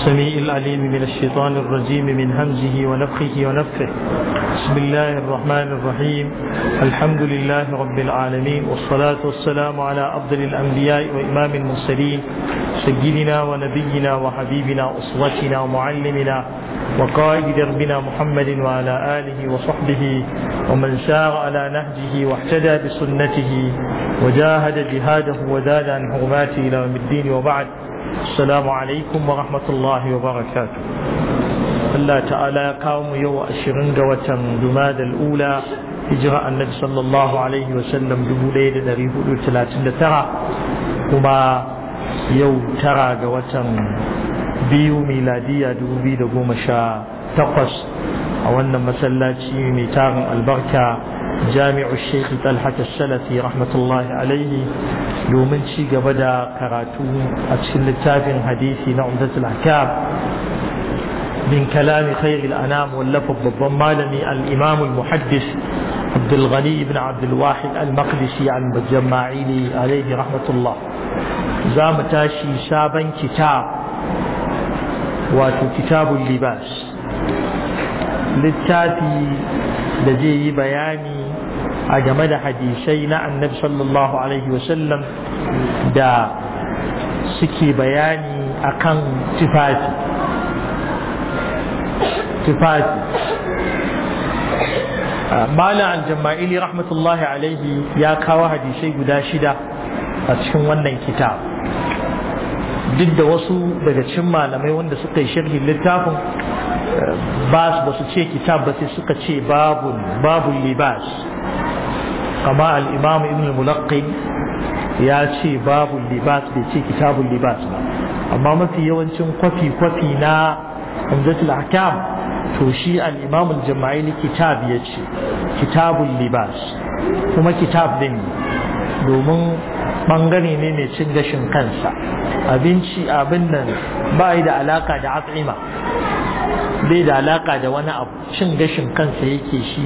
السميع العليم من الشيطان الرجيم من همزه ونفخه ونفخه بسم الله الرحمن الرحيم الحمد لله رب العالمين والصلاة والسلام على أفضل الأنبياء وإمام المرسلين سيدنا ونبينا وحبيبنا أسوتنا ومعلمنا وقائد دربنا محمد وعلى آله وصحبه ومن سار على نهجه واحتدى بسنته وجاهد جهاده وزاد عن حرماته إلى يوم الدين وبعد السلام عليكم ورحمة الله وبركاته Allah ta'ala ya kawo mu yau ashirin ga watan Jumadal Ula hijira annabi sallallahu alaihi wa sallam 1439 kuma yau tara ga watan biyu miladiya takwas. a wannan masallaci mai tarin albarka جامع الشيخ طلحة السلفي رحمة الله عليه يومن شي قبدا كراتو أتشل التابع حديثي نعمدة الأحكام من كلام خير الأنام واللفظ بالضمالني الإمام المحدث عبد الغني بن عبد الواحد المقدسي عن الجماعيلي عليه رحمة الله زام تاشي شابا كتاب واتو كتاب اللباس littafi da zai yi bayani a game da hadisai na annabi sallallahu alaihi wasallam da suke bayani akan tifati, tifati. Ah, mala aljama'ili rahmatullahi alaihi ya kawo hadisai guda shida a cikin wannan kitab duk da wasu daga cikin malamai wanda suka yi sharhin littafin eh, ba su ce kitab ba sai suka ce babu libas kama al'imam ibn al ya ce babu libas bai ce kitabun libas ba amma mafi yawancin kwafi-kwafi na umzatul hakam to shi al'imam al-jama'ili kitab ya ce kitabun libas kuma kitab din domin bangare ne mai cin gashin kansa abinci abin nan ba da alaka da at'ima bai da alaka da wani abu cin gashin kansa yake shi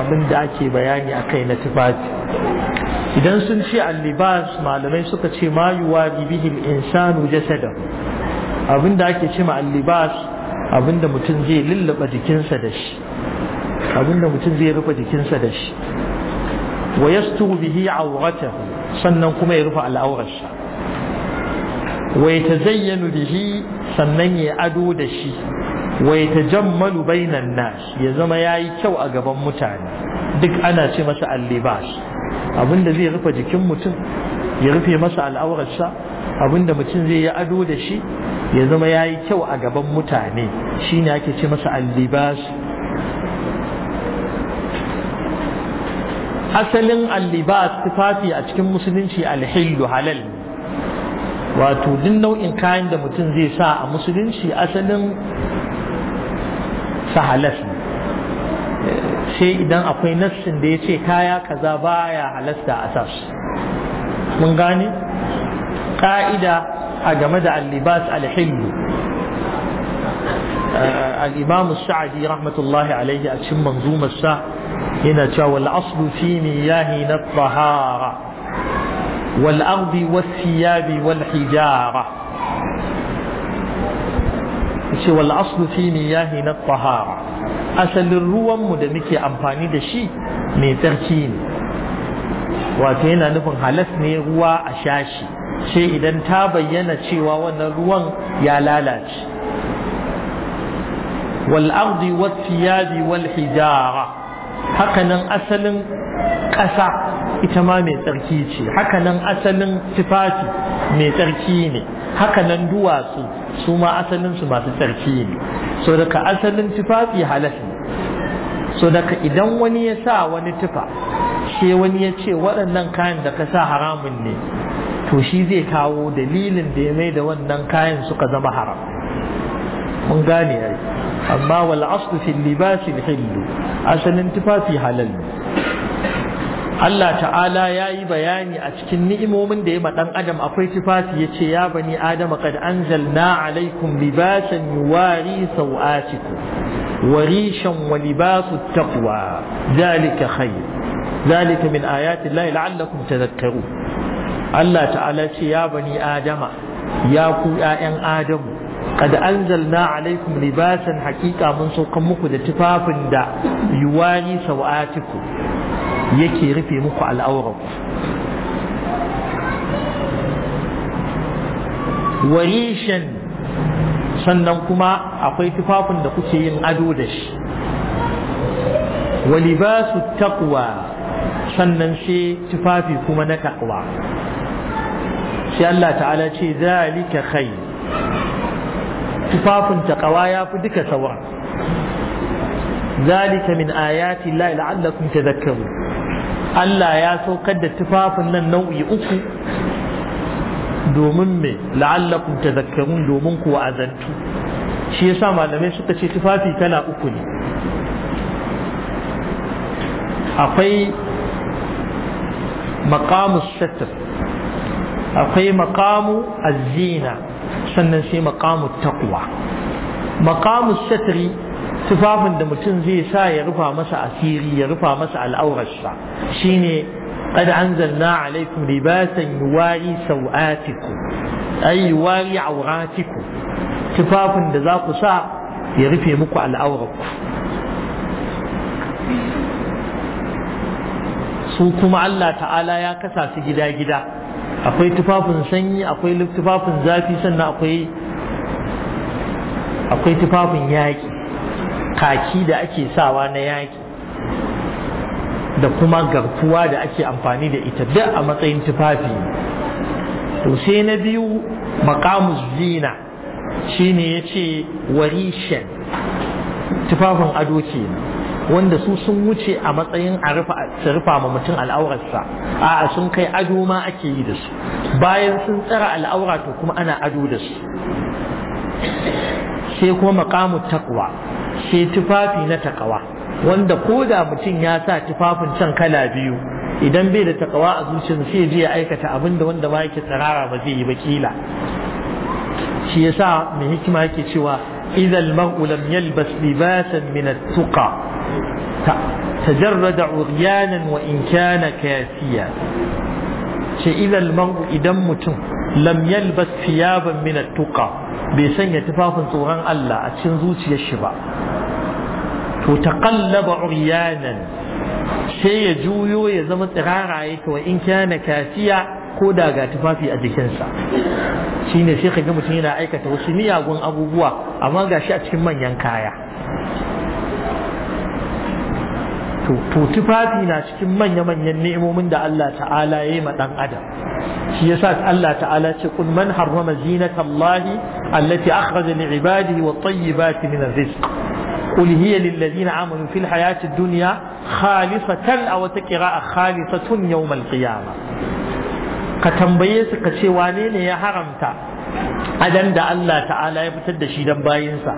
abin da ake bayani a kai na tufafi idan sun ce allibas malamai suka ce ma yuwa bibihim insanu jasada abin da ake ce ma allibas abin da mutum zai lullaba jikinsa da shi abin da mutum zai rufe jikinsa da shi wa yasturu bihi awratahu sannan kuma ya rufe al'aurarsa wa yatazayyanu bihi sannan ya ado da shi wa yatajammalu bainan nas ya zama yayi kyau a gaban mutane duk ana ce masa al-libas abinda zai rufe jikin mutum ya rufe masa al'aurarsa abinda mutum zai yi ado da shi ya zama yayi kyau a gaban mutane shine ake ce masa al-libas asalin al-libas tufafi a cikin musulunci al-hillu halal wato duk nau'in kayan da mutum zai sa a musulunci asalin halas ne sai idan akwai nassin da ya ce kaya kaza baya halasta a sas mun gane ƙa'ida a game da al-libas al-hillu al-imam sa'adi rahmatullahi alayhi a cikin manzumar sa yana cewa wal aslu fi miyahi na tahara wal ardi was thiyabi wal hijara ce wal aslu fi miyahi na tahara asalin ruwan mu da muke amfani da shi mai tsarki ne wato yana nufin halas ne ruwa a shashi sai idan ta bayyana cewa wannan ruwan ya lalace wal ardi wat thiyabi wal hijara hakanan asalin ƙasa ita ma mai tsarki ce hakanan asalin tufafi mai tsarki ne hakanan duwatsu su ma asalinsu masu tsarki ne so daga asalin tufafi halas ne so daga idan wani ya sa wani tufa sai wani ya ce waɗannan kayan da ka sa haramun ne to shi zai kawo dalilin da ya mai da wannan kayan suka zama haram mun gane ai amma wal aslu fil libasi al asalin tufafi halal ne Allah ta'ala ya yi bayani a cikin ni'imomin da ya ma ɗan adam akwai tufafi ya ce ya bani adam qad anzalna alaikum libasan yuwari sau'atikum wa rishan wa libasu taqwa zalika khair zalika min ayati llahi la'allakum tadhakkarun Allah ta'ala ce ya bani adama ya ku ƴaƴan adamu qad anzalna alaikum libasan haqiqa mun saukan muku da tufafin da yuwari sau'atikum yake rufe muku al'auran shan sannan kuma akwai tufafin da kuke yin ado da shi walibasu taqwa sannan shi tufafi kuma na taqwa shi Allah ta'ala ce zalika kai tufafin ya yafi duka sauran zalika min ayati ta la'allakum tadhakkarun Allah ya saukar da tufafin nan nau'i uku domin me la'allakum tazakkarun domin kuwa azantu, shi yasa malamai suka ce tufafi tana uku ne akwai maqamu satr akwai maqamu azina sannan sai maqamu taqwa maqamu satri tufafin da mutum zai sa ya rufa masa asiri ya rufa masa al'aurarsa shine قد أنزلنا عليكم لباسا يواري سوآتكم أي يواري عوراتكم za ku sa ya rufe muku أوركم su kuma Allah ta'ala ya kasa su gida-gida akwai tufafin sanyi akwai tufafin zafi sannan akwai akwai tufafin yaƙi kaki da ake sawa na yaƙi da kuma garkuwa da ake amfani da ita duk a matsayin tufafi to sai na biyu makamus zina shine ya ce warishen tufafin ado ce wanda su sun wuce a matsayin a rufa ma mutum al'aurarsa a sun kai ado ma ake yi da su bayan sun tsara al'aura to kuma ana ado da su sai kuma makamu takwa shi tufafi na takawa wanda ko da mutum ya sa tufafin can kala biyu idan bai da takawa a zuciya sai je ya aikata abin da wanda ba yake tsirara ba zai yi ba kila shi yasa mai hikima yake cewa idan mar'u lam yalbas libasan min at-tuqa tajarrada ughyanan wa in kana kafiya ce idan mar'u idan mutum lam yalbas thiyaban bai sanya tufafin tsoron Allah a cikin zuciyar shi ba to taqallaba uryanan sai ya juyo ya zama tsiraraye yake in kana kafiya ko da ga tufafi a jikinsa shine sai kaga mutum yana aikata wasu miyagun abubuwa amma gashi a cikin manyan kaya to tufafi na cikin manya-manyan ni'imomin da Allah ta'ala ya yi ma dan adam shi yasa Allah ta'ala ce kun man harrama zinata Allah allati akhraja li ibadihi wa tayyibati min ar-rizq qul hiya lil ladina amanu fil hayati ad-dunya khalisatan aw taqra'a khalisatun yawm al-qiyamah ka tambaye su ka ce wane ne ya haramta adan da Allah ta'ala ya fitar da shi dan bayinsa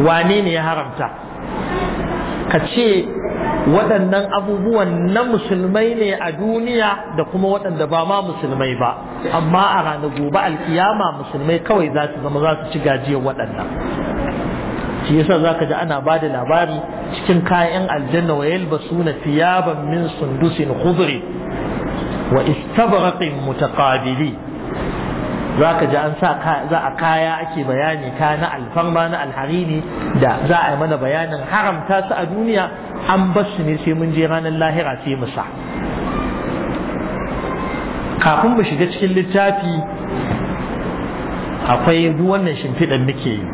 Wanene ya haramta ka ce waɗannan abubuwan na musulmai ne a duniya da kuma waɗanda ba ma musulmai ba amma a ranar gobe alkiyama musulmai kawai za su zama za su ci gajiyar waɗannan shi yasa za ka ji ana ba da labari cikin kayan aljanna wa suna thiyaban min sundusin khudri wa istabraqin mutaqabili za ka ji an sa za a kaya ake bayani ka na alfarma na alharini da za a yi mana bayanin haramta su a duniya an bar su ne sai mun je ranar lahira sai mu sa kafin mu shiga cikin littafi akwai duk wannan shimfiɗan muke yi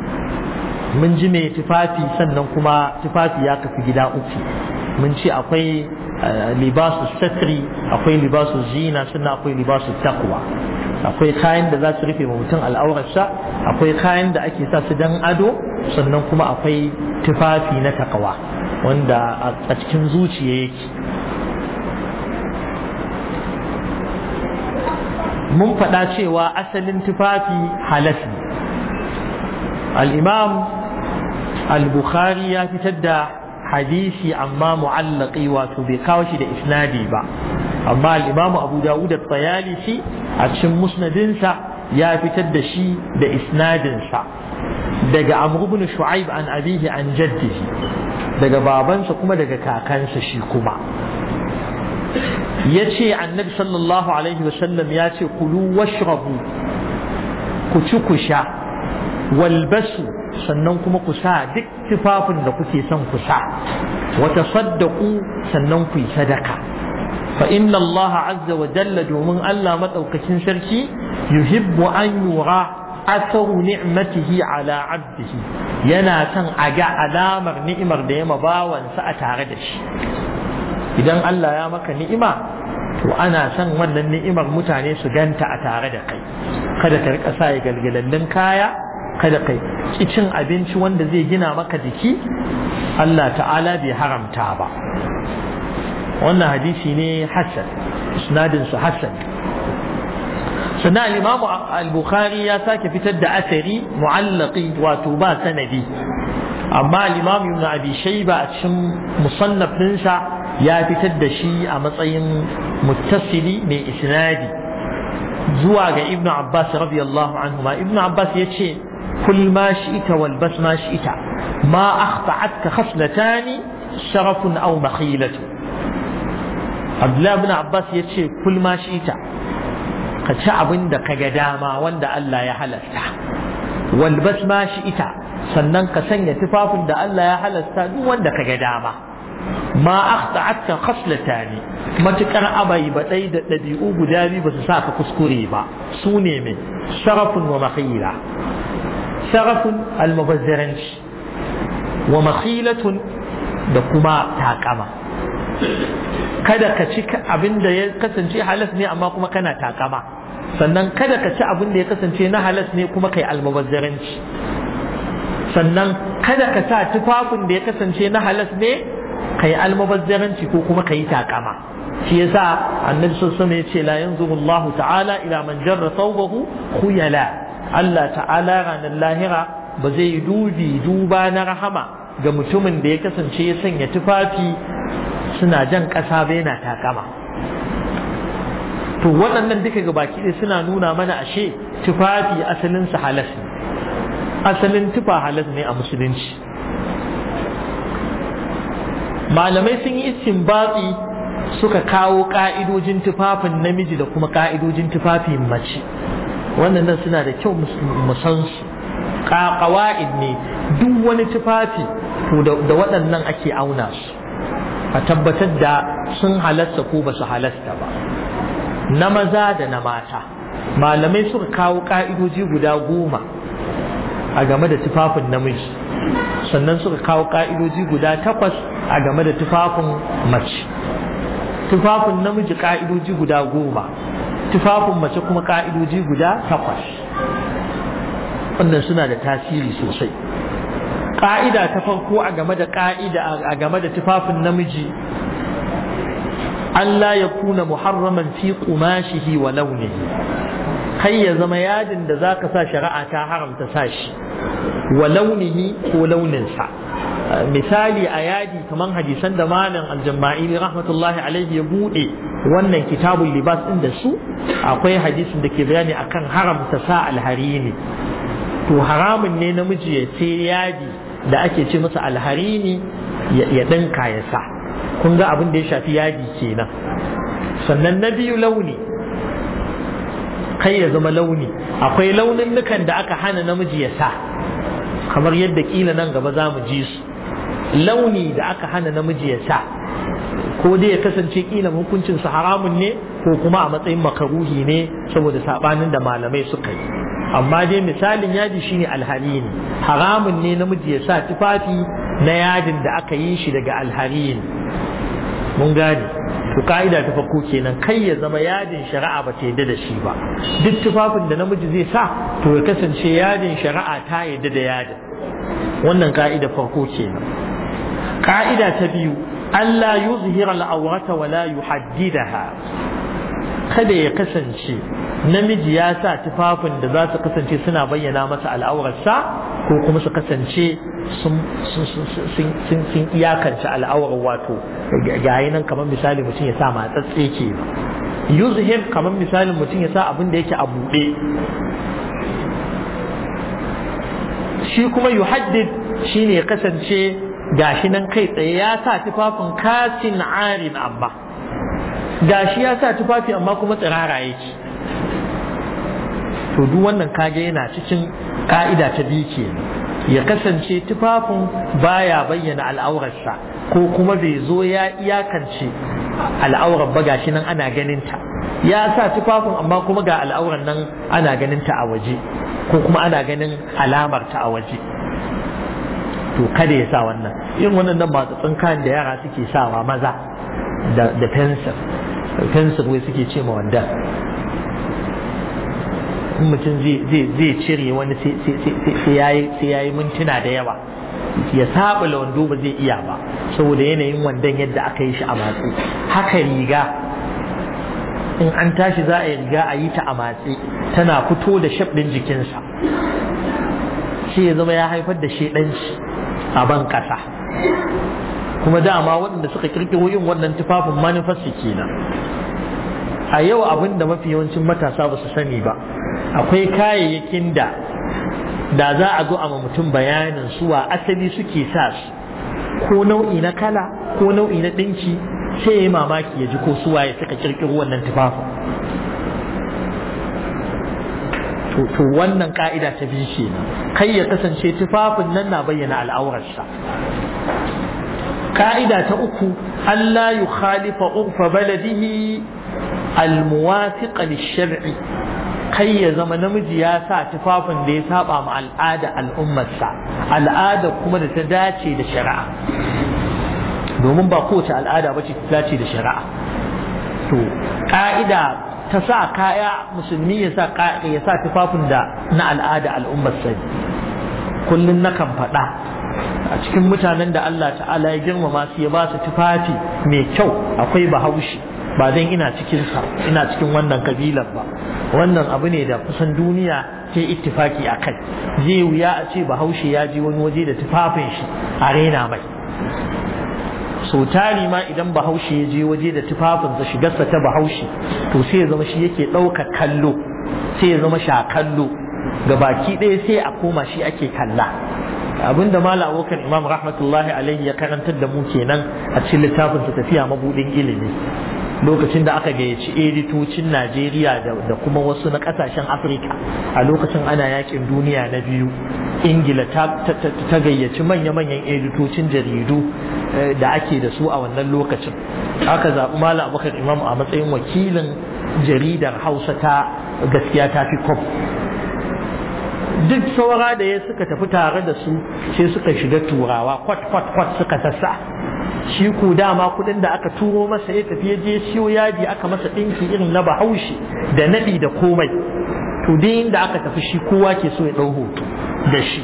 mun ji mai tufafi sannan kuma tufafi ya kafi gida uku mun ce akwai eh, libasu satri akwai libasu zina sannan akwai libasu takwa akwai kayan da za su rufe mutum al'aurarsa akwai kayan da ake sa su dan ado sannan kuma akwai tufafi na takawa wanda a cikin zuciya yake mun faɗa cewa asalin tufafi halas al al'imam al-bukhari ya fitar da hadisi amma mu'allaki wato bai kawo shi da isnadi ba amma al-imam abu dawud at-tayalisi a cikin musnadinsa ya fitar da shi da isnadinsa daga amr shu'aib an abihi an jaddihi daga babansa kuma daga kakansa shi kuma yace annabi sallallahu alaihi wasallam ya ce kulu washrabu ku ci ku sha walbasu sannan kuma ku sa duk tufafin da kuke son ku sa wata saddaku sannan ku yi sadaka fa inna Allah azza wa jalla domin Allah madaukakin sarki yuhibbu Anyura yura asaru ni'matihi ala abdihi yana son a ga alamar ni'imar da ya bawansa a tare da shi idan Allah ya maka ni'ima to ana son wannan ni'imar mutane su ganta a tare da kai kada ka rika sa galgalallin kaya kada kai cin abinci wanda zai gina maka jiki Allah ta'ala bai haramta ba wannan hadisi ne hassan isnadin sa sannan al-imamu al-bukhari ya sake fitar da asari mu'allaqi wato ba sanadi amma al-imamu ibn abi shayba a cikin musannafin sa ya fitar da shi a matsayin muttasili mai isnadi zuwa ga ibn abbas radiyallahu anhu ma ibn abbas ya ce kul ma shi'ita wal bas ma shi'ita ma akhta'atka khaslatan sharafun aw makhilatu abdullahi bin abbas ya ce kulma shi ta ka ci abin da ka ga dama wanda Allah ya halasta walbas ma shi ita sannan ka sanya tufafin da Allah ya halasta duk wanda ka ga dama ma akhta'atka khaslatani matukar abai ba dai da dabi'u guda biyu ba su sa ka kuskure ba su ne me sharafun wa makhila sharafun almubazzaranci wa makhilatun da kuma takama kada ka ci abin da ya kasance halas ne amma kuma kana takama sannan kada ka ci abin da ya kasance na halas ne kuma kai almubazzaranci sannan kada ka sa tufafin da ya kasance na halas ne kai almubazzaranci ko kuma kai takama shi yasa annabi sallallahu alaihi ya ce la yanzuru Allah ta'ala ila man jarra thawbahu khuyala Allah ta'ala ranar lahira ba zai dubi duba na rahama ga mutumin da ya kasance ya sanya tufafi suna jan ƙasa bai na takama to waɗannan duka ga baki ɗaya suna nuna mana ashe tufafi asalin su halas ne asalin tufa halas ne a musulunci malamai sun yi batsi suka kawo ƙa'idojin tufafin namiji da kuma ƙa'idojin tufafin mace wannan suna da kyau musansu. ƙaƙawa'id ne duk wani tufafi to da waɗannan ake auna su a tabbatar da sun halasta ko ba su halasta ba na maza da na mata malamai suka kawo ƙa'idoji guda goma a game da tufafin namiji sannan suka kawo ƙa'idoji guda takwas a game da tufafin mace tufafin namiji ƙa'idoji guda goma tufafin mace kuma ƙa'idoji guda takwas wannan suna da tasiri sosai ƙa'ida ta farko a game da ƙa'ida a game da tufafin namiji Allah ya kuna muharraman fi kumashihi wa launihi kai ya zama yadin da za ka sa shari'a ta haramta sa shi wa launihi ko launinsa misali a yadi kamar hadisan da malam aljamma'ili rahmatullahi alaihi ya buɗe wannan kitabun libas ɗin da su akwai hadisin da ke bayani akan haramta sa alhari ne to haramun ne namiji ya ce yadi da ake ce masa alharini ya ɗinka ya sa kun ga abin da ya shafi yadi kenan sannan na biyu launi kai ya zama launi akwai launin nukan da aka hana namiji ya sa kamar yadda kila nan gaba za mu ji su launi da aka hana namiji ya sa ko dai ya kasance kila hukuncin haramun ne ko kuma a matsayin makaruhi ne saboda sabanin da malamai suka yi amma dai misalin yadi shine alharin haramun ne namiji ya sa tufafi na yadin da aka yi shi daga alharin mun gane to ka'ida ta farko kenan kai ya zama yadin shari'a ba ta yadda da shi ba duk tufafin da namiji zai sa to ya kasance yadin shari'a ta yadda da yadin wannan ka'ida farko kenan ka'ida ta biyu Allah yuzhira al-awrata wa la yuhaddidaha kada ya kasance namiji ya sa tufafin da za su kasance suna bayyana masa al'awarsa ko kuma su kasance sun iyakance al'aurar wato yayi nan kamar misali mutum ya sa matsatse ke him kamar misalin mutum ya sa abin da yake a buɗe shi kuma yuhaddid shi ne kasance gashi nan kai tsaye ya sa tufafin kasin arin amma gashi ya sa tufafi amma kuma tsirara yake to duk wannan kage yana cikin ka'ida ta biyu ke ya kasance tufafin baya bayyana al'aurarsa ko kuma bai zo ya iyakance al'aurar ba gashi nan ana ganin ta ya sa tufafin amma kuma ga al'aurar nan ana ganin ta a waje ko kuma ana ganin alamar ta a waje to kada ya sa wannan yin wannan nan ba tsatsin kayan da yara suke sawa maza da fensir fensir wai suke ce ma wanda in mutum zai cire wani sai ya yi mintuna da yawa ya saba wando ba zai iya ba saboda yanayin wandon yadda aka yi shi a matsi haka riga in an tashi za a yi riga a yi ta a matsi tana fito da shaɗin jikinsa shi ya zama ya haifar da shaɗanci a ban ƙasa kuma dama waɗanda suka kirkiro yin wannan tufafin manufarsu kenan a yau abin da mafi yawancin matasa ba su sani ba akwai kayayyakin da da za a zo a ma mutum bayanin suwa asali suke sa su ko nau'i na kala ko nau'i na ɗinki sai ya yi mamaki ya ji ko suwa ya suka kirkiro wannan tufafin to wannan ka'ida ta biyu ce kai ya kasance tufafin nan na bayyana al'aurarsa ka'ida ta uku Allah ya khalifa urfa baladihi al-muwafiqa lish-shar'i kai ya zama namiji ya sa tufafin da ya saba ma al'ada al'ummarsa al'ada kuma da ta dace da shari'a domin ba kowace al'ada ba ce ta dace da shari'a to ka'ida ta sa kaya musulmi ya sa ya sa tufafin da na al'ada al'ummarsa kullum nakan faɗa a cikin mutanen da Allah ta'ala ya girmama su ya ba su tufafi mai kyau akwai bahaushe ba dan ina cikin ina cikin wannan kabilar ba wannan abu ne da kusan duniya ke ittifaki a kai zai wuya a ce bahaushe ya je wani waje da tufafin shi a rena mai so tari ma idan bahaushe ya je waje da tufafin tufafinsa shigarsa ta bahaushe to sai ya zama shi yake ɗauka kallo sai ya zama sha kallo ga baki ɗaya sai a koma shi ake kalla abinda mala abokan imam rahmatullahi alaihi ya karantar da mu kenan a cikin littafin tafiya mabudin ilimi lokacin da aka gayyaci editocin najeriya da kuma wasu na kasashen afirka a lokacin ana yakin duniya na biyu ingila ta gayyaci manya-manyan editocin jaridu eh, da ake da su a wannan lokacin aka zaɓi malam abubakar imam a matsayin wakilin jaridar hausa ta gaskiya ta fi kwab duk saura da ya suka tafi tare da su sai suka shiga turawa kwat-kwat-kwat suka sassa shi ku dama kudin da aka turo masa ya tafi je ciwo yadi aka masa ɗinki irin na bahaushe da naɗi da komai to dai inda aka tafi shi kowa ke so ya ɗau hoto da shi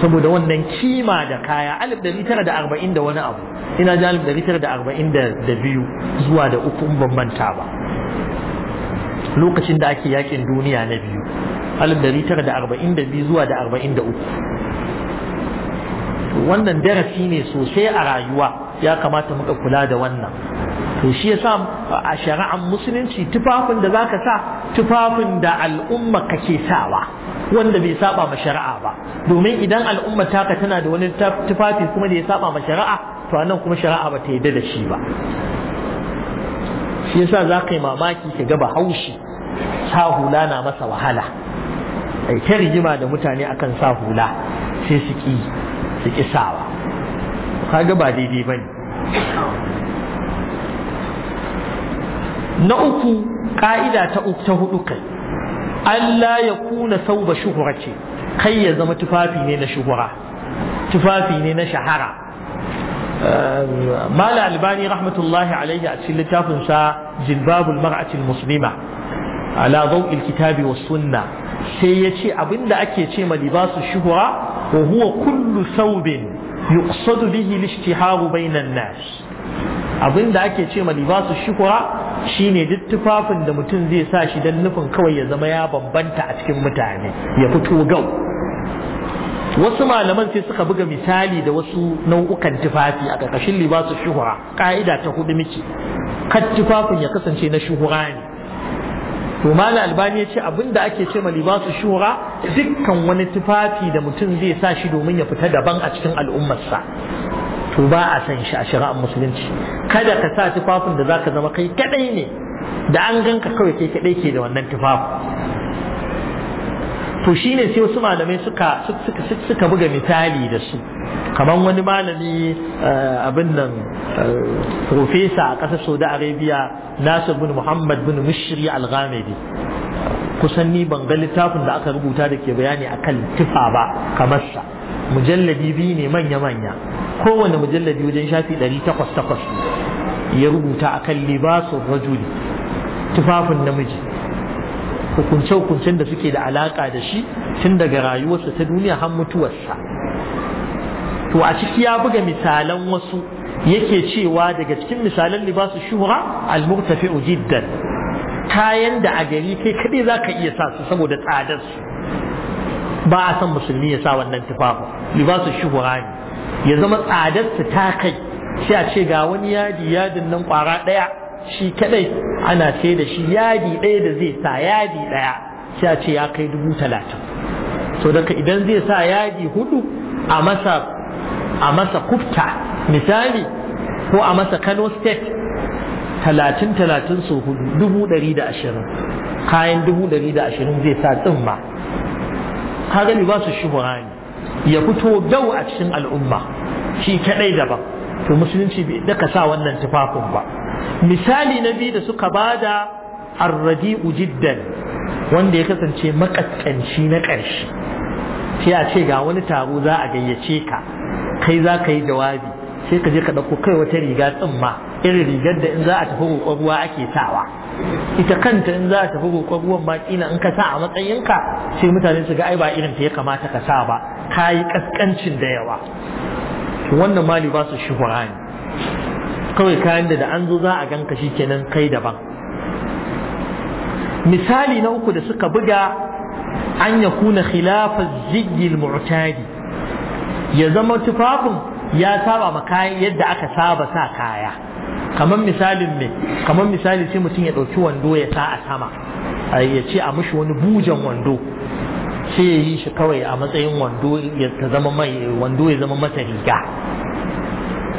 saboda wannan kima da kaya alif da tara da arba'in da wani abu ina ji alif da tara da arba'in da biyu zuwa da uku in bambanta ba lokacin da ake yakin duniya na biyu alif da tara da arba'in da biyu zuwa da arba'in da uku wannan darasi ne sosai a rayuwa ya kamata muka kula da wannan to shi yasa a shari'ar musulunci tufafin da zaka sa tufafin da al'umma kake sawa wanda bai saba ma shari'a ba domin idan al'umma taka tana da wani tufafi kuma da ya saba ma shari'a to anan kuma shari'a ba ta yadda da shi ba shi yasa za ka yi mamaki ka ga bahaushe sa hula na masa wahala ai ta rigima da mutane akan sa hula sai su ƙi. su kisawa kaga ba daidai bane na uku ƙa'ida ta uku ta hudu kai Allah ya kuna sauba shuhura ce kai ya zama tufafi ne na shuhura tufafi ne na shahara ehm, mala albani rahmatullahi alaihi a cikin littafin sa jilbabul mar'atil muslima ala Zauil kitabi wa sunna sai ya ce abinda ake ce ma libasu shuhura وهو كل ثوب يقصد به الاشتهار بين الناس abin da ake ce ma libasu shukura shine duk tufafin da mutum zai sa shi dan nufin kawai ya zama ya bambanta a cikin mutane ya fito gau wasu malaman sai suka buga misali da wasu nau'ukan tufafi a ƙarƙashin libasu shuhura Ka'ida ta hudu miki kan tufafin ya kasance na shuhura ne to mala albani ya ce abinda ake ce ma libasu shura dukkan wani tufafi da mutum zai sa shi domin ya fita daban a cikin al'ummarsa to ba a san shi a shari'ar musulunci kada ka sa tufafin da zaka zama kai kadai ne da an ganka kawai kai kadai ke da wannan tufafi to ne sai wasu malamai suka suka buga misali da su kamar wani malami eh, abin nan eh, profesa a ƙasar saudi arabia nasir bin muhammad bin mushri al-ghamidi kusan ni ban ga littafin da aka rubuta da ke bayani akan tufa ba kamar sa mujalladi biyu ne manya-manya kowane mujalladi wajen shafi 800 ya rubuta akan libasun rajuli tufafin namiji hukunce-hukuncen da suke da alaƙa da shi tun daga rayuwarsa ta duniya har mutuwarsa to a ciki ya buga misalan wasu yake cewa daga cikin misalan libasu shura, al-murtafi'u jiddan kayan da a gari kai kadai zaka iya sa su saboda tsadar su ba a san musulmi ya sa wannan tufafin libasu shura ne ya zama tsadar su ta kai sai a ce ga wani yadi yadin nan kwara daya shi kadai ana sai da shi yadi ɗaya da zai sa yadi ɗaya sai a ce ya kai dubu talatin so daga idan zai sa yadi hudu a masa kufta misali ko a masa kano state talatin talatin so hudu dubu ɗari da ashirin kayan dubu ɗari da ashirin zai sa tsumma gani ba su shuhura ne ya fito gau a cikin al'umma shi kadai daban to musulunci bai daka sa wannan tufafin ba misali na biyu da suka bada arradi'u jiddan wanda ya kasance makaskanci na ƙarshe sai a ce ga wani taro za a gayyace ka kai za ka yi jawabi sai ka je ka ɗauko kai wata riga tsimma irin rigar da in za a tafi roƙon ruwa ake sawa ita kanta in za a tafi roƙon ruwan ma in ka sa a matsayinka sai mutane su ga ai ba irin ta ya kamata ka sa ba ka yi ƙasƙancin da yawa wannan mali ba su shuhura ne kawai kayan da da an zo za a ganka kenan kai daban misali na uku da suka buga an ya kuna khilafa zigil mu'tadi ya zama tufafin ya saba ma kayan yadda aka saba sa kaya kamar misalin me kamar misali sai mutum ya ɗauki wando ya sa a sama ya ce a mashi wani bujan wando sai ya yi shi kawai a matsayin wando ya zama mai wando ya zama masa riga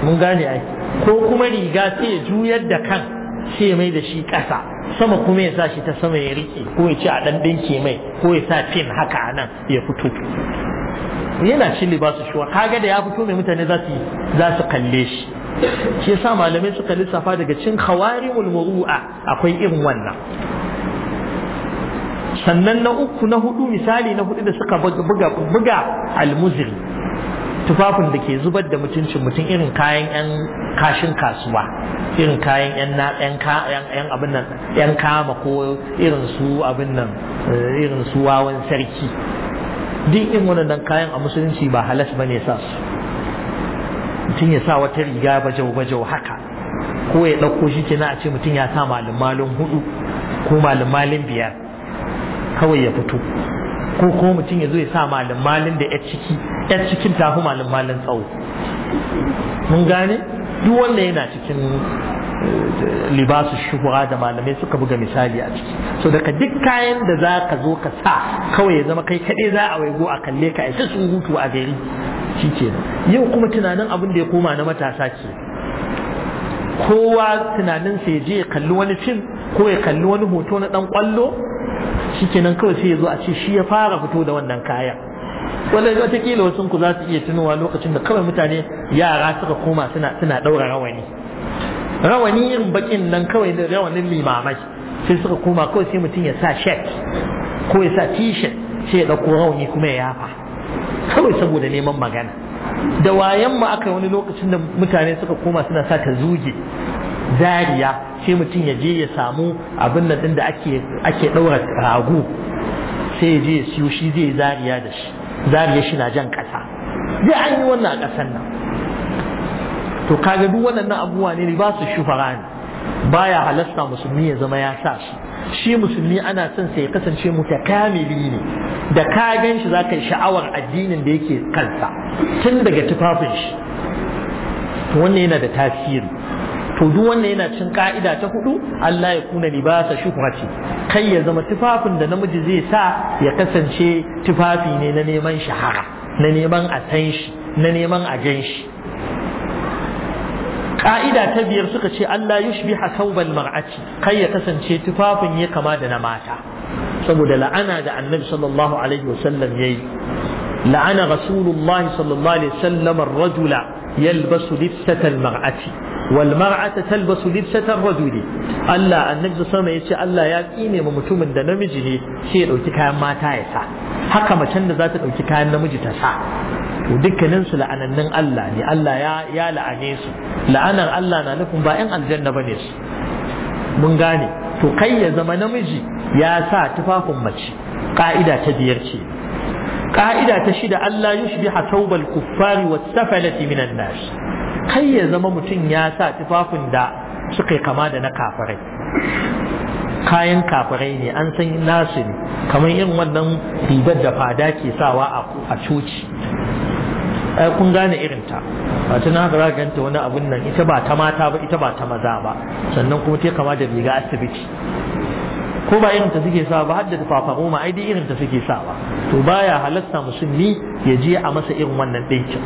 mun gane ai ko kuma riga sai ya juyar da kan sai ya mai da shi ƙasa sama kuma ya sa shi ta sama ya rike ko ya ci a ɗan ɗinki mai ko ya sa fin haka a nan ya fito yana shi libasu shuwa kaga da ya fito mai mutane za su za su kalle shi shi yasa malamai suka lissafa daga cin khawarimul muru'a akwai irin wannan sannan na uku na hudu misali na hudu da suka buga buga al tufafin da ke zubar da mutuncin mutum irin kayan yan kashin kasuwa irin kayan yan abin nan yan kama ko irin su abin nan eh, irin su wawan sarki duk wani nan kayan a musulunci ba halas bane sa su mutum ya sa wata riga bajau bajau haka ko ya ɗauko shi kina a ce mutum ya sa malin hudu ko malin biyar kawai ya fito ko ko mutum ya zo ya sa malin malin da ya ciki yar cikin tafi malin malin tsawo mun gane duk wanda yana cikin eh, libasu shuhura da malamai suka buga misali a ciki so daga duk kayan da za ka zo ka sa kawai ya zama kai kaɗai za a waigo a kalle ka a sun hutu a gari shi ke yau kuma tunanin abin da ya koma na matasa ke kowa tunanin sai je ya kalli wani fim ko ya kalli wani hoto na ɗan ƙwallo shi kenan kawai sai ya zo a ce shi ya fara fito da wannan kayan wala kila wasu ku za su iya tunowa lokacin da kawai mutane yara suka koma suna suna ɗaura rawani rawani irin bakin nan kawai da rawanin limamai sai suka koma kawai sai mutum ya sa shirt ko ya sa t-shirt sai ya ɗauko rawani kuma ya yafa kawai saboda neman magana da wayan mu aka wani lokacin da mutane suka koma suna sa ta zuge zariya sai mutum ya je ya samu abin nan da ake ake ɗaura rago sai ya je ya siyo shi zai zariya da shi zariya shi na jan ƙasa zai an yi wannan a ƙasar nan to kaga duk waɗannan abubuwa ne ba su shufara ne baya halasta musulmi ya zama ya sa su shi musulmi ana son sai ya kasance mutakamili ne da ka gan shi zaka yi sha'awar addinin da yake kansa tun daga tufafin shi wannan yana da tasiri to duk wanda yana cin ka'ida ta hudu Allah ya kuna libasa shuhrati kai ya zama tufafin da namiji zai sa ya kasance tufafi ne na neman shahara na neman atenshi, shi na neman a shi ka'ida ta biyar suka ce Allah yushbiha thawbal mar'ati kai ya kasance tufafin ya kama da na mata saboda la'ana da annabi sallallahu alaihi wasallam yayi la'ana rasulullahi sallallahu alaihi wasallam ar-rajula yalbasu lissata al-mar'ati wal mar'ata talbasu libsata rajuli Allah annabi sama yace Allah ya tsine ma mutumin da namiji ne sai ya ɗauki kayan mata ya sa haka macen da za ta dauki kayan namiji ta sa to dukkanin su Allah ne Allah ya ya su la'anar Allah na nufin ba 'yan aljanna bane su mun gane to kai ya zama namiji ya sa tufafin mace ka'ida ta biyar ce ka'ida ta shida Allah yushbiha thawbal kuffari was safalati minan nas kai ya zama mutum ya sa tufafin da suka kama da na kafirai kayan kafirai ne an san nasu ne kamar yin wannan ribar da fada ke sawa a coci ai kun gane irinta ba ta na ga ganta wani abun nan ita ba ta mata ba ita ba ta maza ba sannan kuma ta kama da riga asibiti ko ba irinta suke sa ba hadda fafa goma ai dai irinta suke sa to baya halasta musulmi ya je a masa irin wannan ɗinkin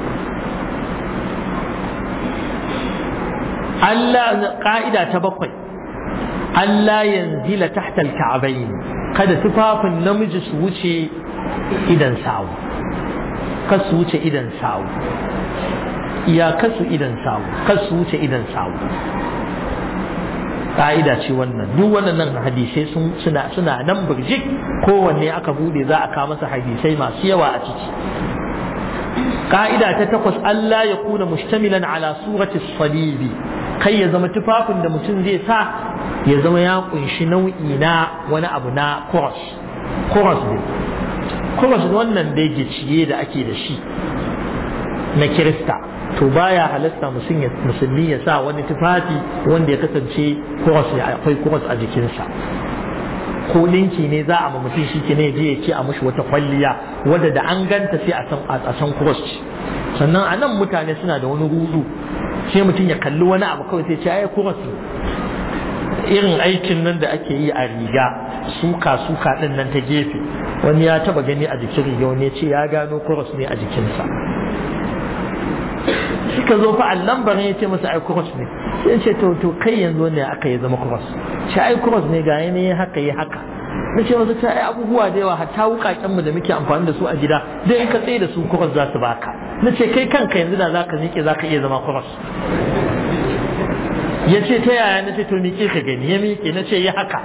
Allah ka'ida ta bakwai Allah yanzila tahta al-ka'bayn kada tufafin namiji su wuce idan sawu Ka su wuce idan sawu Ya ka su idan sawu Ka su wuce idan sawu ka'ida ce wannan duk wannan hadisai suna suna nan birjik kowanne aka bude za a kawo masa hadisai masu yawa a ciki ka'ida ta takwas Allah ya kuna mustamilan ala surati salibi kai ya zama tufafin da mutum zai sa ya zama ya kunshi nau'i na wani abu na kuros kuros ne kuros wannan dai gicciye da ake da shi na kirista to baya halasta musulmi ya sa wani tufafi wanda ya kasance kuros ne akwai kuros a jikinsa ko ɗinki ne za a mutum shi ke ne je ya ce a mushi wata kwalliya wadda da an ganta sai a san kuros ce sannan a nan mutane suna da wani rudu sai mutum ya kalli wani abu kawai sai ce ai kurasu irin aikin nan da ake yi a riga suka suka din nan ta gefe wani ya taba gani a jikin riga wani ya ce ya gano kuros ne a jikinsa suka zo fa a lambarin ya ce masa ai kuros ne sai ce to to kai yanzu ne aka yi zama kuros?" ce ai ne ga ne haka yi haka na ce masa ta ai abubuwa da yawa hatta wukaken mu da muke amfani da su a gida dai in ka tsaye da su kuros za su baka na ce kai kanka yanzu da zaka miƙe ka iya zama cross ya ce ta yaya na ce to miƙe ka gani ya miƙe na ce ya haka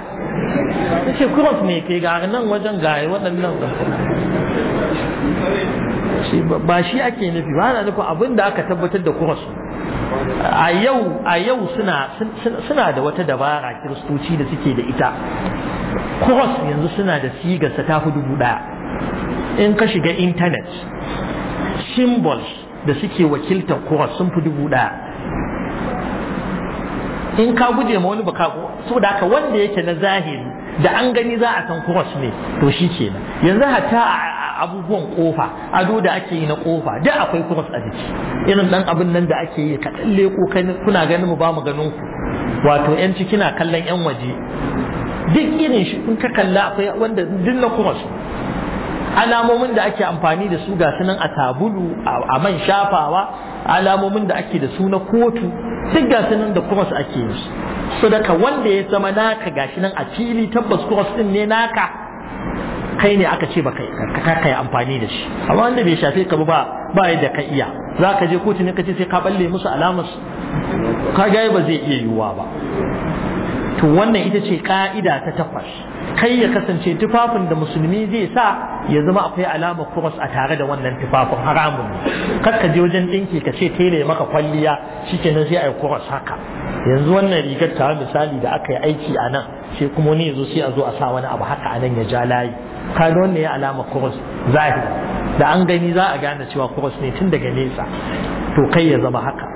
na ce cross ne kai ga nan wajen ga waɗannan ba shi ake nufi ba na nufin abin da aka tabbatar da cross a yau suna da wata dabara kiristoci da suke da ita Kuros yanzu suna da sigarsa ta fi dubu ɗaya in ka shiga intanet symbols da suke wakiltar kura sun fi dubu ɗaya in ka guje ma wani baka so da haka wanda yake na zahiri da an gani za a san kuros ne to shi kenan yanzu hatta a abubuwan kofa ado da ake yi na kofa duk akwai kuros a jiki irin dan abin nan da ake yi ka tsalle ko kuna ganin mu ba mu ganin ku wato yan ciki na kallon yan waje duk irin shi kun ka kalla akwai wanda duk na kuros alamomin da ake amfani da su ga sunan a sabulu a man shafawa alamomin da ake da su na kotu duk ga sunan da su ake yi su daga wanda ya zama naka gashi nan a fili tabbas cross ɗin ne naka kai ne aka ce ba ka kai amfani da shi amma wanda bai shafe ka ba ba yadda ka iya za ka je kotu ne ka ce sai ka balle musu alamar ka ga ba zai iya yiwuwa ba to wannan ita ce ka'ida ta takwas kai ya kasance tufafin da musulmi zai sa ya zama akwai alamar cross a tare da wannan tufafin haramun kar ka je wajen dinki ka ce tele maka kwalliya nan sai ayi cross haka yanzu wannan rigar ta misali da aka yi aiki a nan sai kuma ne yazo sai a zo a sa wani abu haka a nan ya ja layi kaga wannan ya alama cross zahiri da an gani za a gane cewa cross ne tun daga nesa to kai ya zama haka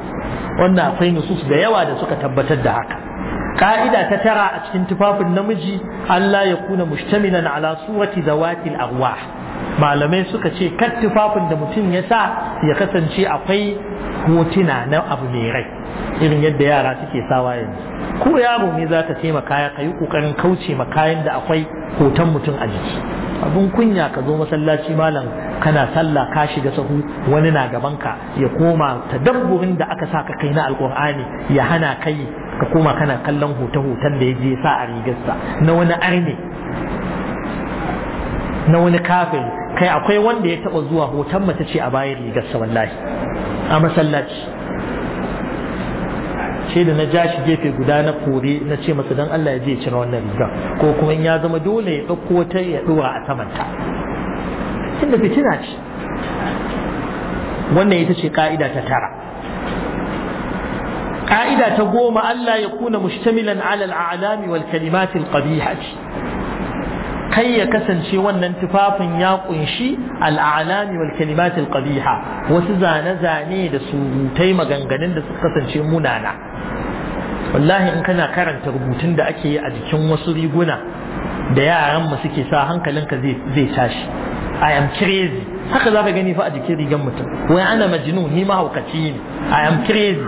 wannan akwai nusus da yawa da suka tabbatar da haka ka'ida ta tara a cikin tufafin namiji Allah ya kuna mushtamilan ala surati a ruwa. malamai suka ce kar tufafin da mutum ya sa ya kasance akwai hotuna na abu mai rai irin yadda yara suke sawa yanzu ko yaro ne za ta taimaka ya kayi kokarin kauce ma kayan da akwai hoton mutum a jiki abun kunya ka zo masallaci malam kana sallah ka shiga sahu wani na gaban ka ya koma tadabburin da aka sa ka kai na alqur'ani ya hana kai ka koma kana kallon hoto hoton da yaje sa a rigarsa na wani arne na wani kafin kai akwai wanda ya taba zuwa hoton mace ce a bayan rigarsa wallahi a masallaci sai da na ja shi gefe guda na kore na ce masa don Allah ya je cire wannan rigar ko kuma in ya zama dole ya ɗauko ta ya ɗuwa a samanta tunda fitina ce wannan ita ce ka'ida ta tara ka'ida ta goma Allah ya kuna mushtamilan alal a'lami wal kalimatil ce. kai ya kasance wannan tufafin ya kunshi al'alami wal kalimatil qabiha wasu zane-zane da surutai maganganun da suka kasance munana wallahi in kana karanta rubutun da ake yi a jikin wasu riguna da yaran mu suke sa hankalinka zai tashi i am crazy haka za ka gani fa a jikin rigan mutum wai ana majnun ni mahaukaci ne i am crazy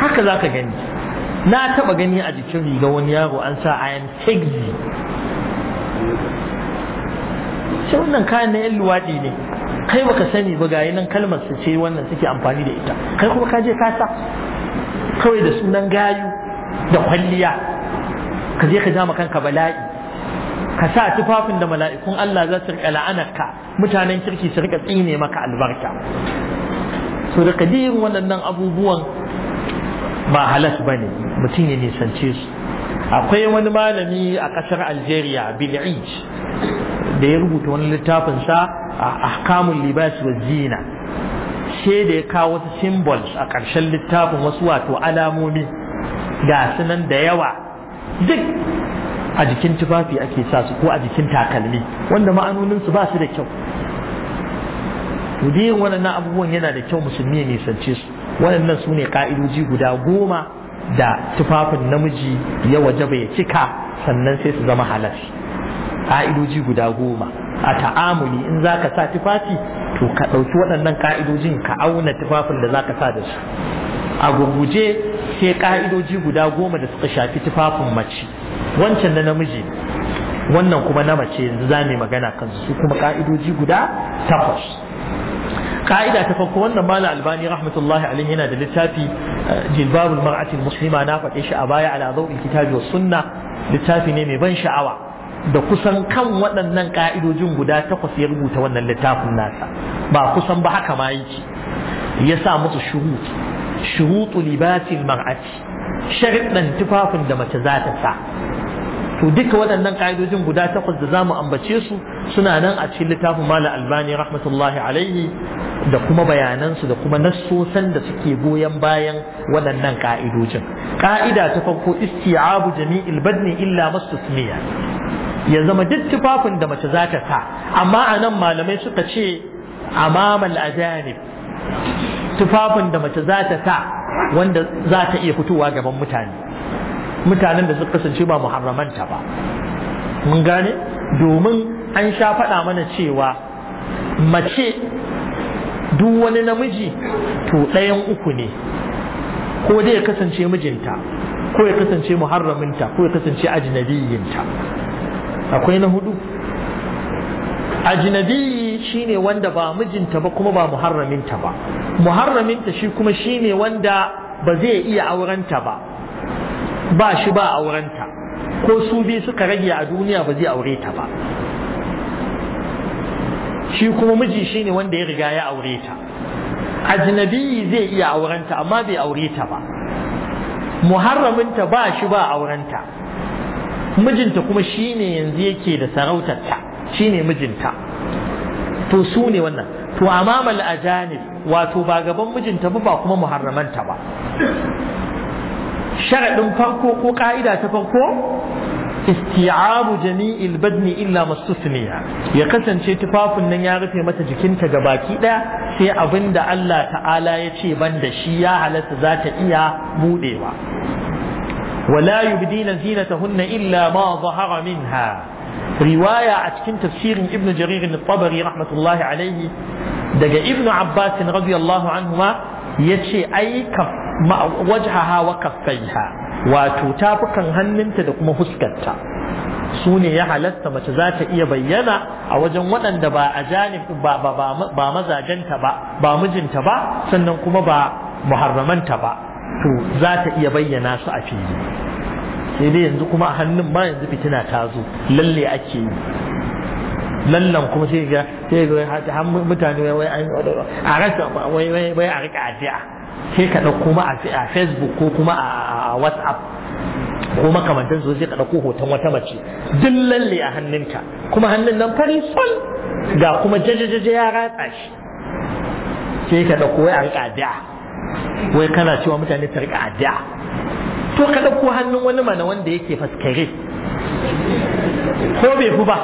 haka za ka gani na taba gani a jikin riga wani yaro an sa i am crazy sai wannan kayan na yan luwaɗi ne kai baka sani ba gayi nan kalmar su ce wannan suke amfani da ita kai kuma ka je ka sa kawai da sunan gayu da kwalliya ka je ka ja kanka bala'i ka sa tufafin da mala'ikun Allah za su rika la'anarka mutanen kirki su rika tsine maka albarka so da kadirin waɗannan abubuwan ba halas bane, mutum ya nisance su akwai wani malami a ƙasar algeria bil'ij da ya rubuta wani littafinsa a ahkamul libas wa zina ƙarshe da ya kawo wasu symbols a ƙarshen littafin wasu wato alamomi ga sunan da yawa duk a jikin tufafi ake sa su ko a jikin takalmi wanda ma'anoninsu ba su da kyau biyan waɗannan abubuwan yana da kyau musulmi ya nisance su waɗannan su ne ƙa'idoji guda goma da tufafin namiji ya waje ya cika sannan sai su zama halas ƙa'idoji guda goma a ta'amuli in za ka sa tufafi to ka ɗauki waɗannan ƙa'idojin ka auna tufafin da za ka sa da su a gurguje sai ƙa'idoji guda goma da suka shafi tufafin mace wancan na namiji wannan kuma na mace yanzu za mu magana kan su kuma ƙa'idoji guda takwas ka'ida ta farko wannan mala albani rahmatullahi alaihi yana da littafi eh, jilbabul mar'atil muslima na faɗe shi a baya ala dawil kitabi sunna littafi ne mai ban sha'awa da kusan kan waɗannan ƙa'idojin guda takwas ya rubuta wannan littafin nasa ba kusan ba haka ma yake ya sa musu shurut shurutu libasin mar'ati sharɗan tufafin da mace za ta sa to duka waɗannan ƙa'idojin guda takwas da zamu ambace su suna nan a cikin littafin Malam Albani rahmatullahi alaihi da kuma bayanansu da kuma nassosan da suke goyon bayan waɗannan ƙa'idojin ƙa'ida ta farko isti'abu jami'il badni illa mastusmiya ya zama duk tufafin da mace za ta sa amma a nan malamai suka ce amamal ajanib tufafin da mace za ta sa wanda za ta iya fitowa gaban mutane mutanen da suka kasance ba muharramanta ba mun gane domin an sha faɗa mana cewa mace duk wani namiji to ɗayan uku ne ko dai ya kasance mijinta ko ya kasance muharraminta ko ya kasance ajinabiyinta akwai na hudu ajnabi shine wanda ba mijinta ba kuma ba muharraminta ba muharraminta shi kuma shine wanda ba zai iya aurenta ba ba shi ba aurenta ko su bi suka rage a duniya ba zai aure ta ba shi kuma miji shine wanda ya riga ya aure ta ajnabi zai iya aurenta amma bai aure ta ba muharraminta ba shi ba aurenta mijinta kuma shine yanzu yake da sarautarta shine mijinta to su ne wannan to amamal ajanib wato ba gaban mijinta ba ba kuma muharramanta ba sharaɗin farko ko ƙa'ida ta farko isti'abu jami'il badni illa mastusniya ya kasance tufafin nan ya rufe mata jikinta ga baki ɗaya sai abin da Allah ta'ala ya ce ban da shi ya halatta za ta iya buɗewa ولا يبدين زينتهن إلا ما ظهر منها رواية أتكن تفسير ابن جرير الطبري رحمة الله عليه دقى ابن عباس رضي الله عنهما يتشي أي كف وجهها وكفيها وتتابقا هننت دقم فسكتا su ne ya halatta mace za ta iya bayyana a wajen waɗanda ba a janib ba mazajenta ba ba mijinta ba sannan kuma ba muharramanta ba to za ta iya bayyana su a fili sai dai yanzu kuma a hannun ma yanzu fitina ta zo lalle ake yi lallan kuma sai ga sai ga har mutane wai an a rasa wai wai wai a rika addu'a sai ka dauko ma a Facebook ko kuma a WhatsApp ko makamantan su sai ka dauko hoton wata mace duk lalle a hannunka kuma hannun nan fari sol ga kuma jajajaja ya ratsa shi sai ka dauko wai a rika addu'a wai kana cewa mutane ta rika addu'a to ka ɗauko hannun wani mana wanda yake faskare ko bai fi ba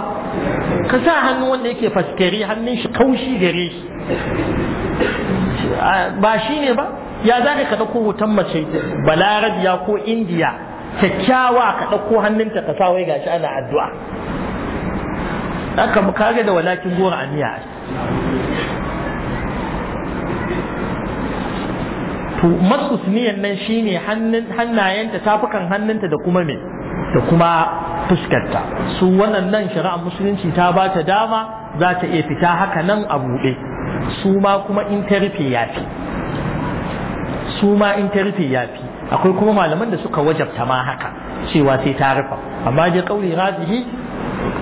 ka sa hannun wanda yake faskare hannun shi kaushi gare shi ba shi ne ba ya za ka ɗauko hoton mace balarabiya ko indiya kyakkyawa ka ɗauko hannunta ka sa wai shi ana addu'a aka mu kage da walakin a miya. to masusniyan nan shine hannayenta tafukan hannunta da kuma me da kuma fuskarta su wannan nan shari'ar musulunci ta ba ta dama za ta iya fita haka nan a buɗe su ma kuma in ta rufe yafi su ma in ta rufe yafi akwai kuma malaman da suka wajabta ma haka cewa sai ta rufa amma je kauli razihi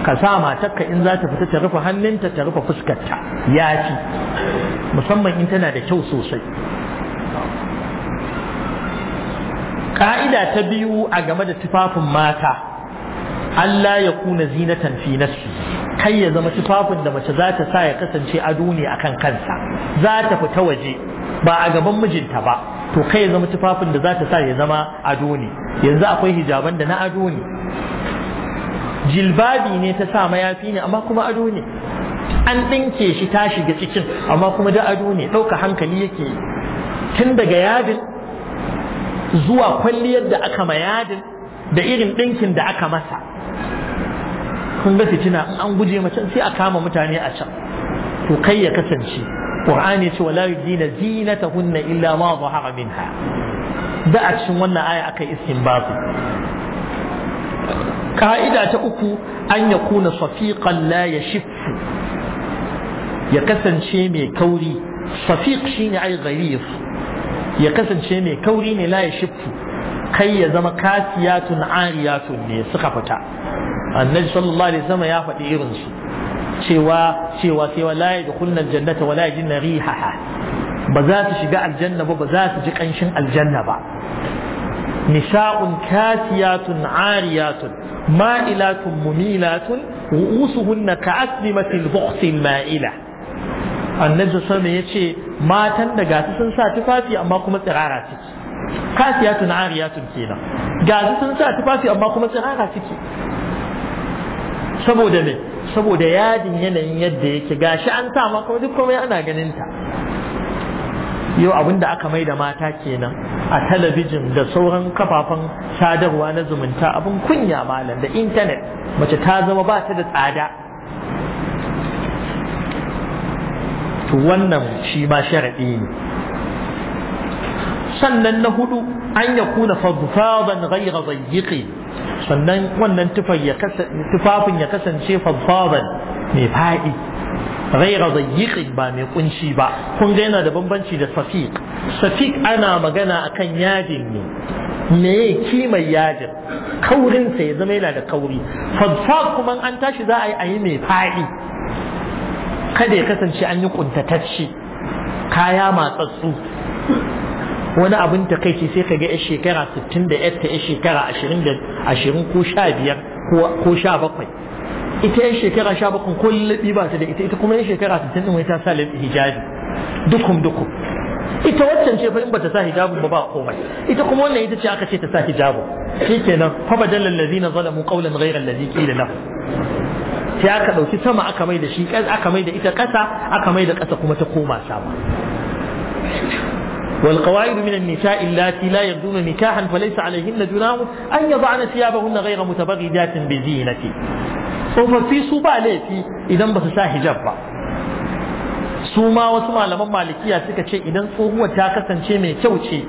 ka sa matarka in za ta fita ta rufe hannunta ta rufe fuskarta yafi musamman in tana da kyau sosai ka'ida ta biyu a game da tufafin mata Allah ya kuna zinatan fi nafsi kai ya zama tufafin da mace za ta sa ya kasance ado ne akan kansa za ta fita waje ba a gaban mijinta ba to kai ya zama tufafin da za ta sa ya zama ado ne yanzu akwai hijaban da na ado ne jilbabi ne ta sa mayafi ne amma kuma ado ne an ɗinke shi ta shiga cikin amma kuma da ado ne ɗauka hankali yake tun daga yadin zuwa kwalliyar da aka ma yadin da irin ɗinkin da aka masa kun ga fitina an guje mace sai a kama mutane a can to kai ya kasance ya ce wala yudina zinatahunna illa ma zahara minha da a cikin wannan aya akai babu. ka'ida ta uku an ya kuna safiqan la yashiffu ya kasance mai kauri safiq shine ai gharif ya kasance mai kauri ne la ya shifu kai ya zama kasiyatun ariyatun ne suka fita annabi sallallahu alaihi wasallam ya faɗi irin su cewa cewa sai wala ya dukhulna aljannata wala yajidna rihaha ba za su shiga aljanna ba ba za su ji kanshin aljanna ba nisa'un kasiyatun ariyatun ma'ilatun mumilatun ru'usuhunna ka'aslimatil bukhsil ma'ila annabi sallallahu ya ce matan da gasu sun sa tufafi amma kuma tsirara ciki kasiyatun ariyatun kenan gasu sun sa tufafi amma kuma tsirara ciki saboda me saboda yadin yanayin yadda yake gashi an sa ma kuma duk kuma ana ganin ta yau abin da aka mai da mata kenan a talabijin da sauran kafafen sadarwa na zumunta abin kunya malam da intanet mace ta zama ba ta da tsada to wannan shi ma sharaɗi ne sannan na hudu an ya kuna fadfadan ghayra dayyiqi sannan wannan tufafin ya kasance fadfadan mai faɗi ghayra dayyiqi ba mai kunshi ba kun ga yana da bambanci da safiq safiq ana magana akan yajin ne me kimar yajin kaurinsa ya zama yana da kauri fadfad kuma an tashi za a yi a yi mai faɗi kada ya kasance an yi kuntatacci kaya matsatsu wani abin ta kai sai ka ga 'yan shekara 60 da 'yan ta 'yan shekara 20 ko 15 ko 17 ita 'yan shekara 17 ko lallabi ba ta da ita ita kuma 'yan shekara 60 din wai ta sa hijabi dukum dukum ita waccan ce fa in sa hijabin ba ba komai ita kuma wannan ita ce aka ce ta sa hijabin shikenan fa badal allazina zalamu qawlan ghayra allazi qila lahu sai aka ɗauki sama aka mai da shi aka mai da ita ƙasa aka mai da ƙasa kuma ta koma sama والقواعد من النساء اللاتي لا يرجون نكاحا فليس عليهن جناح أن يضعن ثيابهن غير na بزينة tsofaffi su ba laifi idan ba su sa hijab ba su wasu malaman malikiya suka ce idan tsohuwar ta kasance mai kyau ce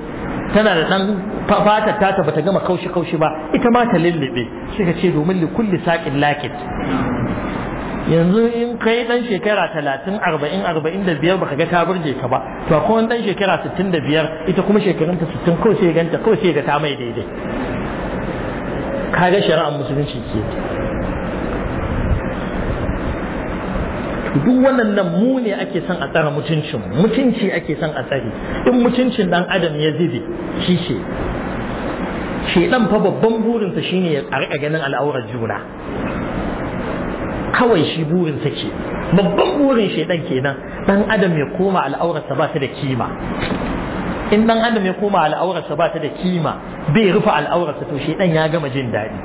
tana da ɗan fatar tata bata gama kaushi kaushi ba ita ma ta lullube sai ka ce domin li kulli saƙin lakit yanzu in kai dan shekara talatin arba'in arba'in da biyar baka ga ta burge ka ba to akwai wani dan shekara sittin da biyar ita kuma shekarunta sittin kawai sai ganta kawai sai ga ta mai daidai kaga shari'ar musulunci ke duk wannan mu ne ake son a tsara mutuncin mutunci ake son a tsare in mutuncin dan adam ya zube shi ce dan fa babban burinsa shine ya karka ganin al'aurar juna kawai shi burinsa ke babban burin shedan kenan dan adam ya koma al'aurarsa ba ta da kima in dan adam ya koma al'aurarsa ba ta da kima bai rufe al'aurarsa to shedan ya gama jin daɗi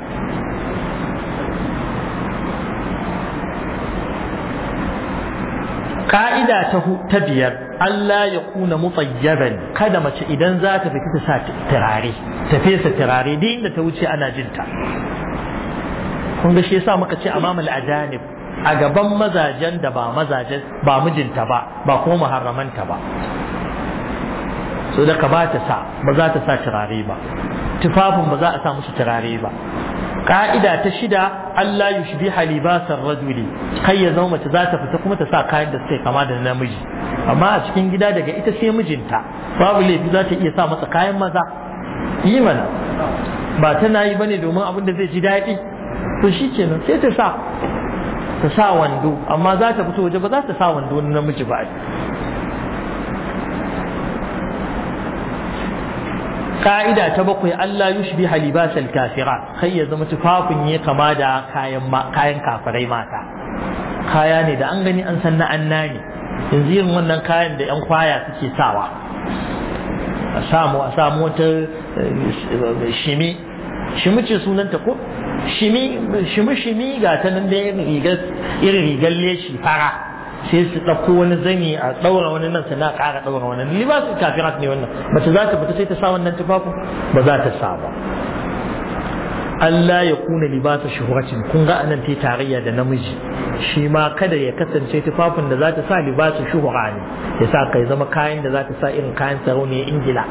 ka'ida ta ta biyar Allah ya kuna mutsayyaban kada mace idan za ta fita ta sa turare ta fesa turare duk inda ta wuce ana jin ta kun ga shi yasa muka ce a ajanib a gaban mazajen da ba mazajen ba mijinta ba ba kuma muharramanta ba so da ka ba ta sa ba za ta sa turare ba tufafin ba za a sa musu turare ba ka'ida ta shida Allah yushbiha libasar rajuli kai ya zama mace za ta fita kuma ta sa kayan da suke kama da namiji amma a cikin gida daga ita sai mijinta babu laifi za ta iya sa masa kayan maza yi mana ba tana yi bane domin abin da zai ji daɗi to shi kenan sai ta sa ta sa wando amma za ta fito waje ba za ta sa wando na namiji ba ka'ida ta bakwai Allah yushbi halibasal kafira kai ya zama tufafin ya kama da kayan kayan kafirai mata kaya ne da an gani an san na anna ne yanzu irin wannan kayan da yan kwaya suke sawa a samu a samu wata eh, shimi shimi ce sunanta ko shimi shimi shimi ga ta nan da irin rigar leshi fara sai su ɗauko wani zani a ɗaura wani nan a ƙara ɗaura wani libasin kafirat ne wannan mace za ta fita sai ta sa wannan tufafin ba za ta sa ba Allah ya kuna libasa shuhuracin kun ga anan ta tarayya da namiji shi ma kada ya kasance tufafin da za ta sa libasa shuhura ne ya sa kai zama kayan da za ta sa irin kayan tsaro ne ingila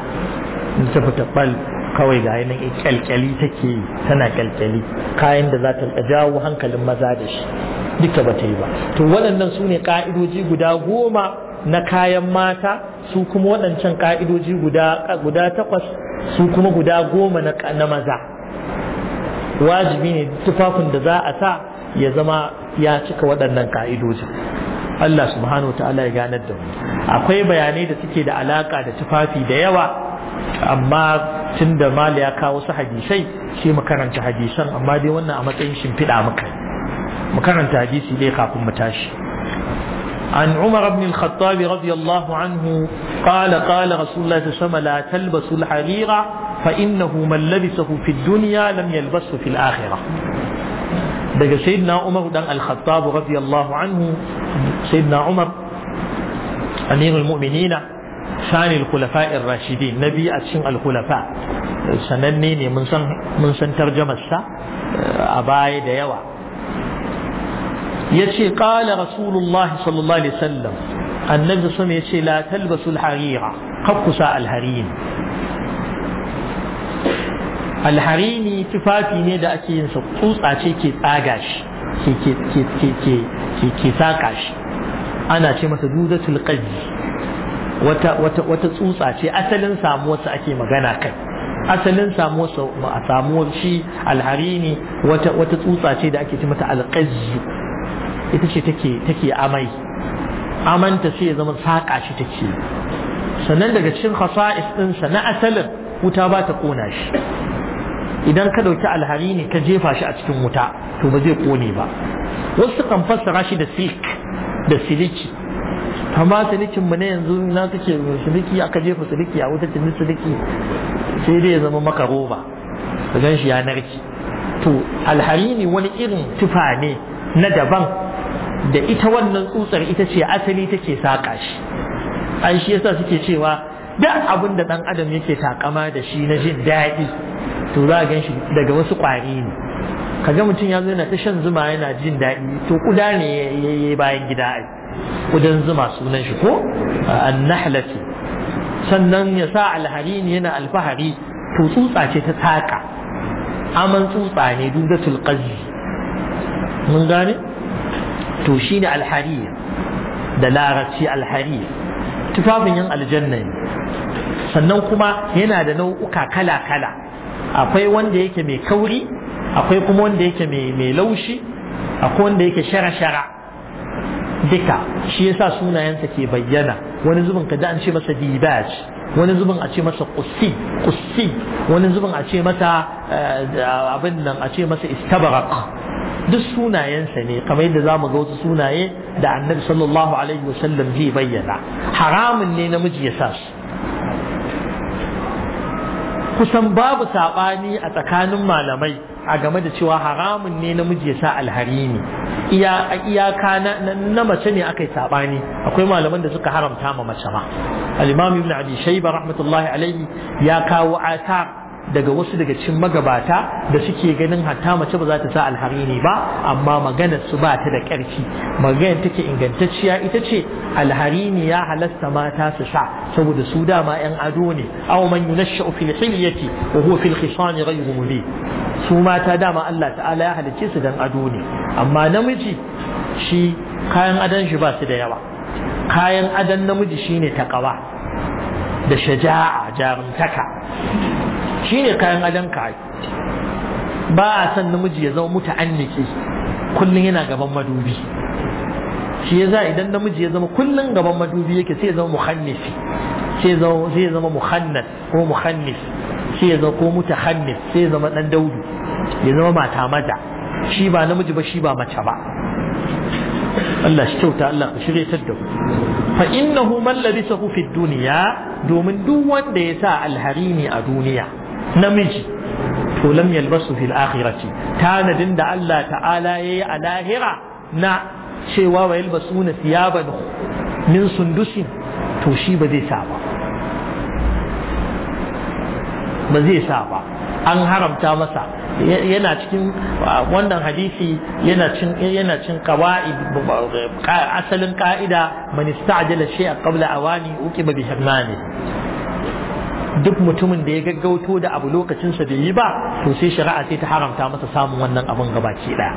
in ta fita bal kawai ga yanayin kyalkyali take yi tana kyalkyali kayan da za ta jawo hankalin maza da shi duka ba ta yi ba to waɗannan su ne ƙa'idoji guda goma na kayan mata su kuma waɗancan ƙa'idoji guda takwas su kuma guda goma na maza wajibi ne tufafin da za a sa ya zama ya cika waɗannan ƙa'idoji Allah subhanahu wa ta'ala ya ganar da mu akwai bayanai da suke da alaka da tufafi da yawa amma tunda mali ya kawo su hadisai shi mu karanta hadisan amma dai wannan a matsayin shimfiɗa muka mu karanta hadisi dai kafin mu tashi عن عمر بن الخطاب رضي الله عنه قال قال رسول الله صلى الله عليه وسلم لا تلبسوا الحرير فإنه من لبسه في الدنيا لم يلبسه في الآخرة daga sayyidina Umar dan Al-Khattab radiyallahu anhu sayyidina Umar amirul mu'minina Sani al-khulafa'ir rashidin nabi a cikin al-khulafa sananne ne mun san mun san tarjumar sa eh, a baya da yawa yace qala rasulullah sallallahu alaihi wasallam annabi sun yace la talbasu al-harira kakkusa al-harin alharini tufafi ne da ake yin sa tsutsa ce ke tsaga shi ke ke ke ke ke ke saka shi ana ce masa dudatul qazzi wata wata wata tsutsa ce asalin samuwarsa ake magana kai asalin samuwarsa a samuwar shi alharini wata wata tsutsa ce da ake ce mata ita ce take amai amanta sai ya zama saka shi take sannan daga cikin khasa'is ɗinsa na asalin wuta ba ta kona shi idan ka ɗauki alhari ne ka jefa shi a cikin wuta to ba zai ƙone ba wasu kan fassara shi da silik da siliki amma silikin mu ne yanzu na kake siliki aka jefa siliki a wutar tuni siliki sai dai ya zama maka roba ka gan shi ya narki to alharini wani irin tufa ne na daban da ita wannan tsutsar ita ce asali take saka shi an shi yasa suke cewa duk abin da ɗan adam yake takama da shi na jin daɗi to za a gan shi daga wasu kwari ne kaga mutum ya zo yana ta shan zuma yana jin daɗi to kuda ne ya yi bayan gida ai kudan zuma sunan shi ko annahlati sannan ya sa alharin yana alfahari to tsutsa ce ta taka aman tsutsa ne dudatul qazi mun gane to shine alhariya da larabci alhari tufafin yan aljanna ne sannan kuma yana da nau'uka kala-kala akwai wanda yake mai kauri akwai kuma wanda yake mai laushi akwai wanda yake shara-shara duka shi yasa sunayensa ke bayyana wani zubin ka an ce masa dibaj wani zubin a ce masa qussi qussi wani zubin a ce masa eh, abin nan a ce masa istabarak duk sunayensa ne kamar yadda zamu ga wasu sunaye da annabi sallallahu alaihi wasallam zai bayyana haramun ne namiji ya sa su kusan babu saɓani a tsakanin malamai a game da cewa haramun ne namiji ya sa alhari ne iyaka na mace ne aka yi akwai malaman da suka haramta ma mace ma al-imam ibn abi shayba rahmatullahi alaihi ya kawo asar daga wasu daga cikin magabata da suke ganin hatta mace ba za ta sa alharini ba amma maganar su ba ta da ƙarfi maganar take ingantacciya ita ce alharini ya halasta mata su sa saboda su dama yan ado ne aw man yunashshu fil hilyati wa huwa fil khisan ghayru mubin su mata dama Allah ta'ala ya halicce su dan ado ne amma namiji shi kayan adon shi ba su da yawa kayan adon namiji shine takawa da shaja'a jarumtaka shi ne kayan adon ka ba a san namiji ya zama muta'anniki kullum yana gaban madubi shi ya za idan namiji ya zama kullum gaban madubi yake sai ya zama muhannisi sai ya zama muhannas ko muhannis sai ya zama ko mutahannis sai ya zama dan daudu ya zama mata maza shi ba namiji ba shi ba mace ba Allah shi kyauta Allah ka shirye ta da fa innahu man labisahu fi dunya domin duk wanda ya sa alharini a duniya namiji to lam yalbasu fil akhirati tanadin da Allah ta'ala yayi a lahira na cewa wa yalbasuna thiyaban min sundusin to shi ba zai sa ba ba zai sa ba an haramta masa yana cikin wannan hadisi yana cin yana cin qawaid asalin ka'ida man ista'jala shay'a qabla awani uqiba bi ne. duk mutumin da ya gaggauto da abu lokacinsa bai yi ba to sai shari'a sai ta haramta masa samun wannan abin gabaki daya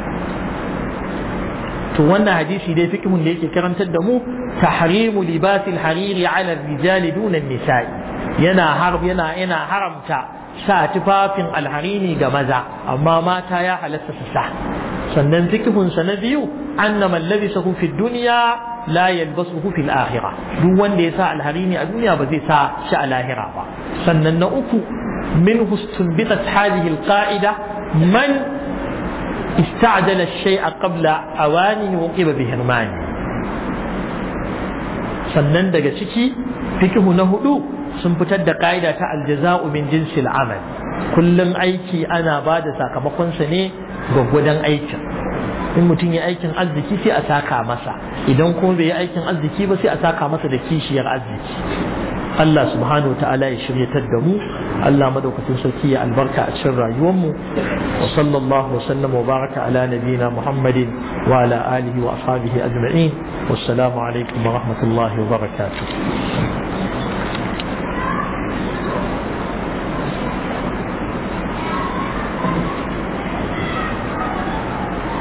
to wannan hadisi dai fikihun da yake karantar da mu tahrimu libasil hariri ala rijali nisa'i yana har yana yana haramta sa tufafin alharini ga maza amma mata ya halatta su sa sannan fikihun sa na biyu annama allazi sahu fi dunya la yalbasuhu fil akhirah duk wanda ya sa alharini a duniya ba zai sa shi a lahira ba sannan na uku min hustun bi hadhihi alqa'ida man ista'jala shaya qabla awani uqiba bi hirmani sannan daga ciki fikihu na hudu sun fitar da ka'ida ta aljaza'u min jinsil amal kullum aiki ana ba da sakamakonsa ne gwaggwadon aikin in mutum ya aikin arziki sai a taka masa idan kuma bai yi aikin arziki ba sai a taka masa da kishiyar arziki Allah subhanahu wa ta'ala ya shiryatar da mu Allah madaukakin sarki ya albarka a cikin rayuwarmu wa sallallahu wa sallam wa baraka ala nabiyina Muhammadin wa ala alihi wa ashabihi ajma'in wassalamu alaikum wa rahmatullahi wa barakatuh